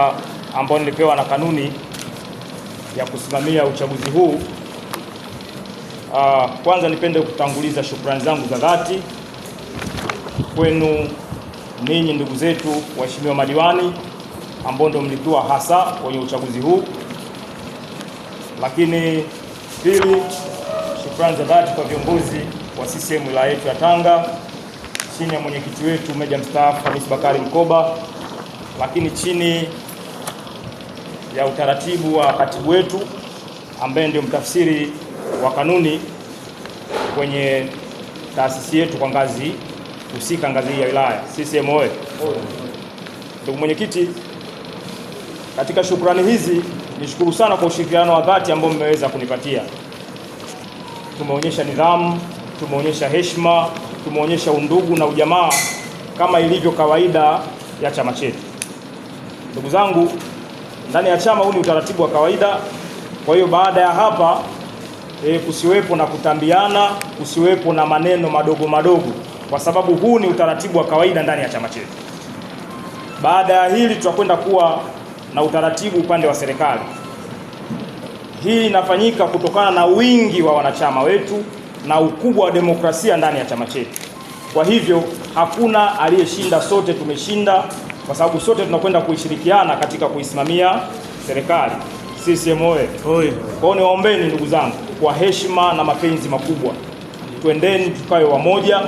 katika ambao nilipewa na kanuni ya kusimamia uchaguzi huu. Aa, ah, kwanza nipende kutanguliza shukrani zangu za dhati kwenu ninyi ndugu zetu waheshimiwa madiwani ambao ndio mlikuwa hasa kwenye uchaguzi huu. Lakini pili, shukrani za dhati kwa viongozi wa CCM wilaya yetu ya Tanga chini ya mwenyekiti wetu Meja mstaafu Hamis Bakari Mkoba, lakini chini ya utaratibu wa katibu wetu ambaye ndio mtafsiri wa kanuni kwenye taasisi yetu kwa ngazi husika, ngazi hii ya wilaya. CCM oyee! Ndugu mwenyekiti, katika shukrani hizi nishukuru sana kwa ushirikiano wa dhati ambao mmeweza kunipatia. Tumeonyesha nidhamu, tumeonyesha heshima, tumeonyesha undugu na ujamaa kama ilivyo kawaida ya chama chetu. Ndugu zangu ndani ya chama. Huu ni utaratibu wa kawaida. Kwa hiyo baada ya hapa e, kusiwepo na kutambiana, kusiwepo na maneno madogo madogo, kwa sababu huu ni utaratibu wa kawaida ndani ya chama chetu. Baada ya hili tutakwenda kuwa na utaratibu upande wa serikali. Hii inafanyika kutokana na wingi wa wanachama wetu na ukubwa wa demokrasia ndani ya chama chetu. Kwa hivyo hakuna aliyeshinda, sote tumeshinda kwa sababu sote tunakwenda kuishirikiana katika kuisimamia serikali. CCM oye kwao niwaombeni ndugu zangu, kwa heshima na mapenzi makubwa, twendeni tukawe wamoja,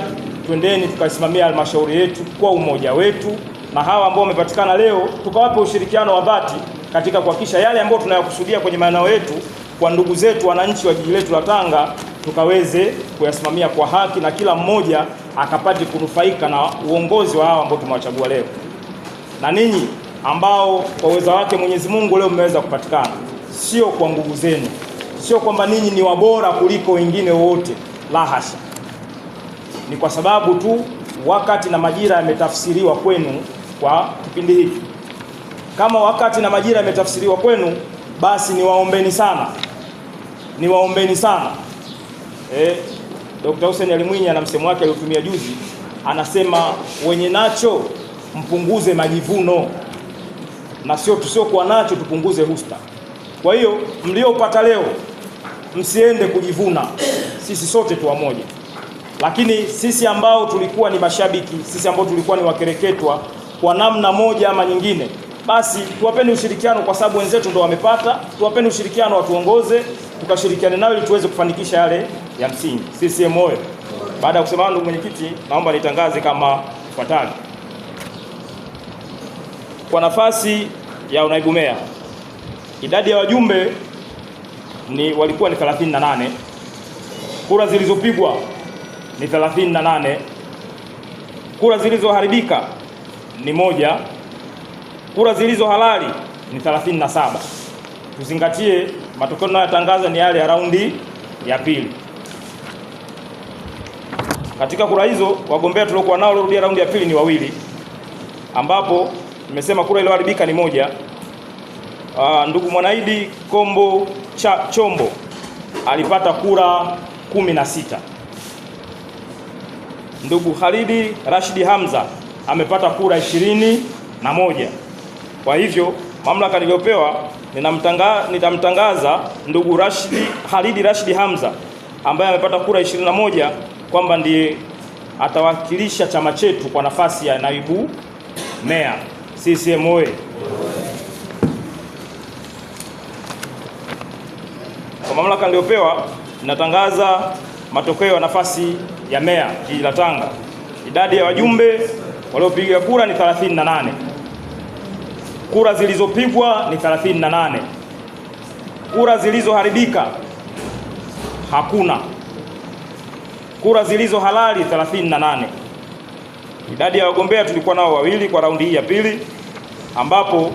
twendeni tukaisimamia halmashauri yetu kwa umoja wetu, na hawa ambao wamepatikana leo tukawape ushirikiano wa dhati katika kuhakikisha yale ambayo tunayakusudia kwenye maeneo yetu kwa ndugu zetu wananchi wa jiji letu la Tanga tukaweze kuyasimamia kwa haki na kila mmoja akapate kunufaika na uongozi wa hawa ambao tumewachagua leo na ninyi ambao kwa uweza wake Mwenyezi Mungu leo mmeweza kupatikana, sio kwa nguvu zenu, sio kwamba ninyi ni wabora kuliko wengine wote, la hasha. Ni kwa sababu tu wakati na majira yametafsiriwa kwenu kwa kipindi hiki. Kama wakati na majira yametafsiriwa kwenu, basi niwaombeni sana, niwaombeni sana. Eh, Dr. Hussein Ali Mwinyi ana msemo wake aliotumia juzi, anasema wenye nacho mpunguze majivuno na sio tusiokuwa nacho tupunguze husta. Kwa hiyo mliopata leo msiende kujivuna, sisi sote tu wamoja. Lakini sisi ambao tulikuwa ni mashabiki, sisi ambao tulikuwa ni wakereketwa kwa namna moja ama nyingine, basi tuwapeni ushirikiano, kwa sababu wenzetu ndo wamepata. Tuwapeni ushirikiano, watuongoze, tukashirikiane nao ili tuweze kufanikisha yale ya msingi. CCM oyee! Baada ya kusema ndugu mwenyekiti, naomba nitangaze kama ifuatavyo kwa nafasi ya unaibu meya idadi ya wajumbe ni walikuwa ni 38 kura zilizopigwa ni 38 kura zilizoharibika ni moja kura zilizo halali ni 37 tuzingatie matokeo tunayotangaza ni yale ya raundi ya pili katika kura hizo wagombea tuliokuwa nao waliorudia raundi ya pili ni wawili ambapo Nimesema kura iliyoharibika ni moja. Uh, ndugu Mwanaidi Kombo cha, Chombo alipata kura kumi na sita. Ndugu Khalidi Rashidi Hamza amepata kura ishirini na moja. Kwa hivyo mamlaka niliyopewa ninamtangaza, nitamtangaza ndugu Rashidi, Khalidi Rashidi Hamza ambaye amepata kura moja kwamba ndiye atawakilisha chama chetu kwa nafasi ya naibu meya. CCM oye! Kwa mamlaka niliyopewa, natangaza matokeo ya nafasi ya meya jiji la Tanga. Idadi ya wajumbe waliopiga kura ni 38. Kura zilizopigwa ni 38. Kura zilizoharibika hakuna. Kura zilizo halali 38. Idadi ya wagombea tulikuwa nao wawili kwa raundi hii ya pili, ambapo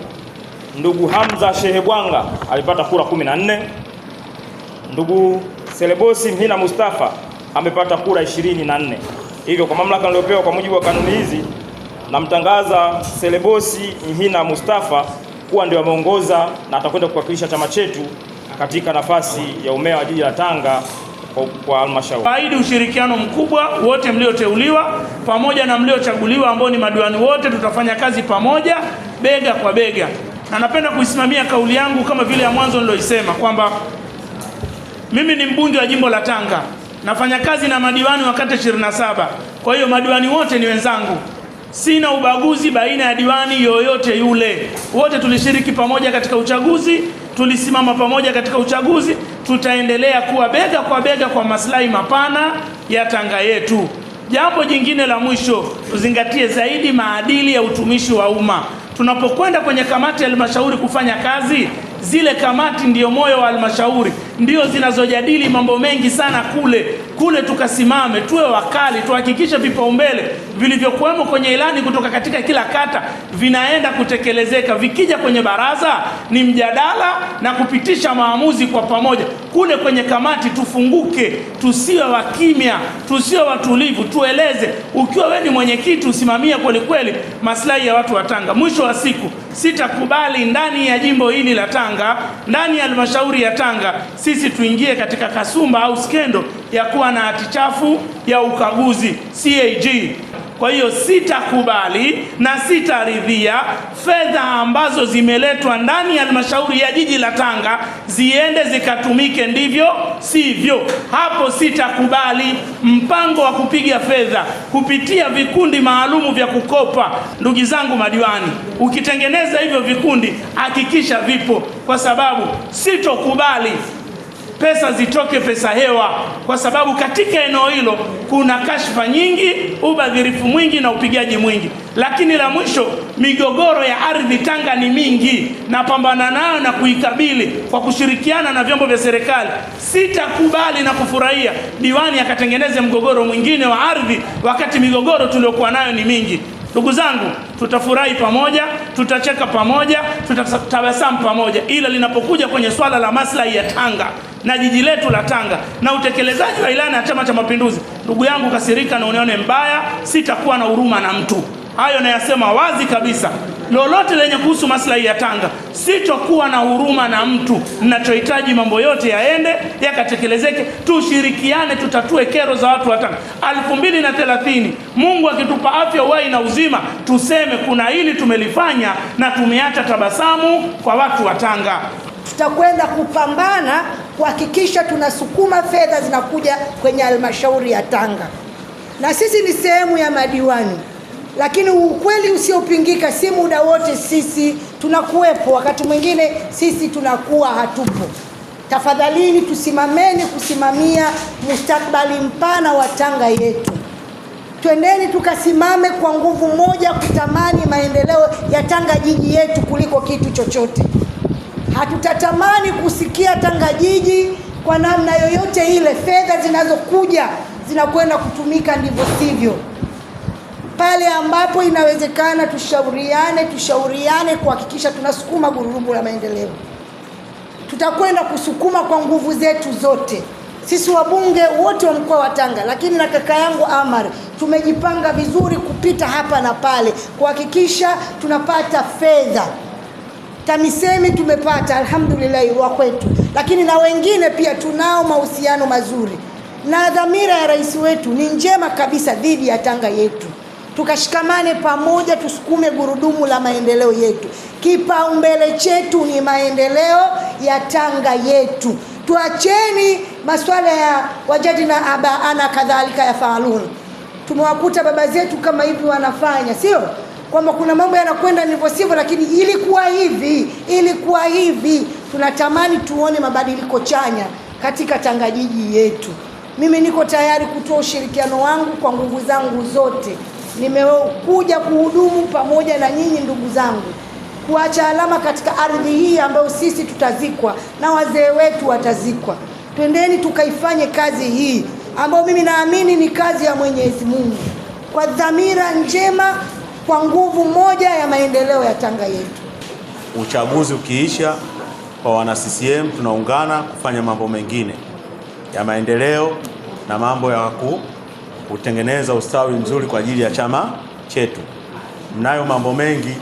ndugu Hamza Shehe Bwanga alipata kura 14, ndugu Selebosi Mhina Mustafa amepata kura 24. Hivyo kwa mamlaka niliyopewa kwa mujibu wa kanuni hizi, namtangaza Selebosi Mhina Mustafa kuwa ndio ameongoza na atakwenda kuwakilisha chama chetu katika nafasi ya umea wa jiji la Tanga kwa halmashauri. Ahidi ushirikiano mkubwa wote mlioteuliwa pamoja na mliochaguliwa ambao ni madiwani wote, tutafanya kazi pamoja bega kwa bega, na napenda kuisimamia kauli yangu kama vile ya mwanzo niloisema kwamba mimi ni mbunge wa jimbo la Tanga, nafanya kazi na madiwani wa kata 27. Kwa hiyo madiwani wote ni wenzangu, sina ubaguzi baina ya diwani yoyote yule, wote tulishiriki pamoja katika uchaguzi tulisimama pamoja katika uchaguzi, tutaendelea kuwa bega kwa bega kwa maslahi mapana ya Tanga yetu. Jambo jingine la mwisho, tuzingatie zaidi maadili ya utumishi wa umma. Tunapokwenda kwenye kamati ya halmashauri kufanya kazi, zile kamati ndiyo moyo wa halmashauri ndio zinazojadili mambo mengi sana kule kule. Tukasimame, tuwe wakali, tuhakikishe vipaumbele vilivyokuwemo kwenye ilani kutoka katika kila kata vinaenda kutekelezeka. Vikija kwenye baraza ni mjadala na kupitisha maamuzi kwa pamoja. Kule kwenye kamati tufunguke, tusiwe wakimya, tusiwe watulivu, tueleze. Ukiwa wewe ni mwenyekiti, usimamie kweli kweli maslahi ya watu wa Tanga. Mwisho wa siku, sitakubali ndani ya jimbo hili la Tanga, ndani ya halmashauri ya Tanga sisi tuingie katika kasumba au skendo ya kuwa na hati chafu ya ukaguzi CAG. Kwa hiyo sitakubali na sitaridhia fedha ambazo zimeletwa ndani ya halmashauri ya jiji la Tanga ziende zikatumike ndivyo sivyo. Hapo sitakubali mpango wa kupiga fedha kupitia vikundi maalumu vya kukopa. Ndugu zangu madiwani, ukitengeneza hivyo vikundi hakikisha vipo, kwa sababu sitokubali pesa zitoke pesa hewa, kwa sababu katika eneo hilo kuna kashfa nyingi, ubadhirifu mwingi na upigaji mwingi. Lakini la mwisho, migogoro ya ardhi Tanga ni mingi, napambana nayo na kuikabili kwa kushirikiana na vyombo vya serikali. Sitakubali na kufurahia diwani akatengeneze mgogoro mwingine wa ardhi, wakati migogoro tuliokuwa nayo ni mingi. Ndugu zangu, tutafurahi pamoja, tutacheka pamoja, tutatabasamu pamoja, ila linapokuja kwenye swala la maslahi ya Tanga na jiji letu la Tanga na utekelezaji wa ilani ya Chama cha Mapinduzi, ndugu yangu, kasirika na unione mbaya, sitakuwa na huruma na mtu. Hayo nayasema wazi kabisa lolote lenye kuhusu maslahi ya Tanga, sichokuwa na huruma na mtu. Ninachohitaji mambo yote yaende yakatekelezeke, tushirikiane, tutatue kero za watu wa Tanga. elfu mbili na thelathini, Mungu akitupa afya, uhai na uzima, tuseme kuna hili tumelifanya na tumeacha tabasamu kwa watu wa Tanga. Tutakwenda kupambana kuhakikisha tunasukuma fedha zinakuja kwenye halmashauri ya Tanga, na sisi ni sehemu ya madiwani lakini ukweli usiopingika, si muda wote sisi tunakuwepo, wakati mwingine sisi tunakuwa hatupo. Tafadhalini tusimameni kusimamia mustakbali mpana wa Tanga yetu. Twendeni tukasimame kwa nguvu moja kutamani maendeleo ya Tanga jiji yetu kuliko kitu chochote. Hatutatamani kusikia Tanga jiji kwa namna yoyote ile, fedha zinazokuja zinakwenda kutumika ndivyo sivyo pale ambapo inawezekana tushauriane tushauriane kuhakikisha tunasukuma gurudumu la maendeleo tutakwenda kusukuma kwa nguvu zetu zote sisi wabunge wote wa mkoa wa tanga lakini na kaka yangu amar tumejipanga vizuri kupita hapa na pale kuhakikisha tunapata fedha tamisemi tumepata alhamdulillahi wa kwetu lakini na wengine pia tunao mahusiano mazuri na dhamira ya rais wetu ni njema kabisa dhidi ya tanga yetu tukashikamane pamoja, tusukume gurudumu la maendeleo yetu. Kipaumbele chetu ni maendeleo ya Tanga yetu. Tuacheni masuala ya wajadi na ana kadhalika ya faalun. Tumewakuta baba zetu kama hivi wanafanya, sio kwamba kuna mambo yanakwenda ndivyo sivyo, lakini ilikuwa hivi, ilikuwa hivi. Tunatamani tuone mabadiliko chanya katika Tanga jiji yetu. Mimi niko tayari kutoa ushirikiano wangu kwa nguvu zangu zote nimekuja kuhudumu pamoja na nyinyi ndugu zangu kuacha alama katika ardhi hii ambayo sisi tutazikwa na wazee wetu watazikwa twendeni tukaifanye kazi hii ambayo mimi naamini ni kazi ya mwenyezi mungu kwa dhamira njema kwa nguvu moja ya maendeleo ya tanga yetu uchaguzi ukiisha kwa wana ccm tunaungana kufanya mambo mengine ya maendeleo na mambo ya ku kutengeneza ustawi mzuri kwa ajili ya chama chetu. Mnayo mambo mengi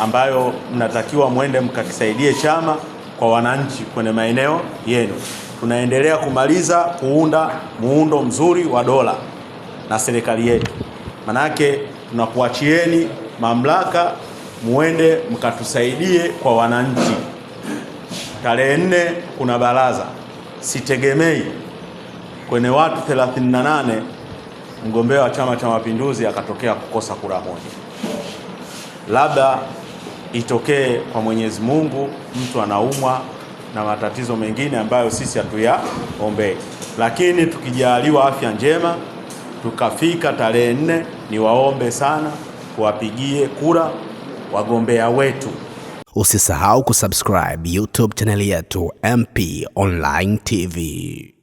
ambayo mnatakiwa mwende mkakisaidie chama kwa wananchi kwenye maeneo yenu. Tunaendelea kumaliza kuunda muundo mzuri wa dola na serikali yetu, manake tunakuachieni mamlaka muende mkatusaidie kwa wananchi. Tarehe nne kuna baraza, sitegemei kwenye watu 38 mgombea wa Chama cha Mapinduzi akatokea kukosa kura moja, labda itokee kwa Mwenyezi Mungu, mtu anaumwa na matatizo mengine ambayo sisi hatuyaombei, lakini tukijaliwa afya njema tukafika tarehe nne, niwaombe sana kuwapigie kura wagombea wetu. Usisahau kusubscribe YouTube chaneli yetu MP Online TV.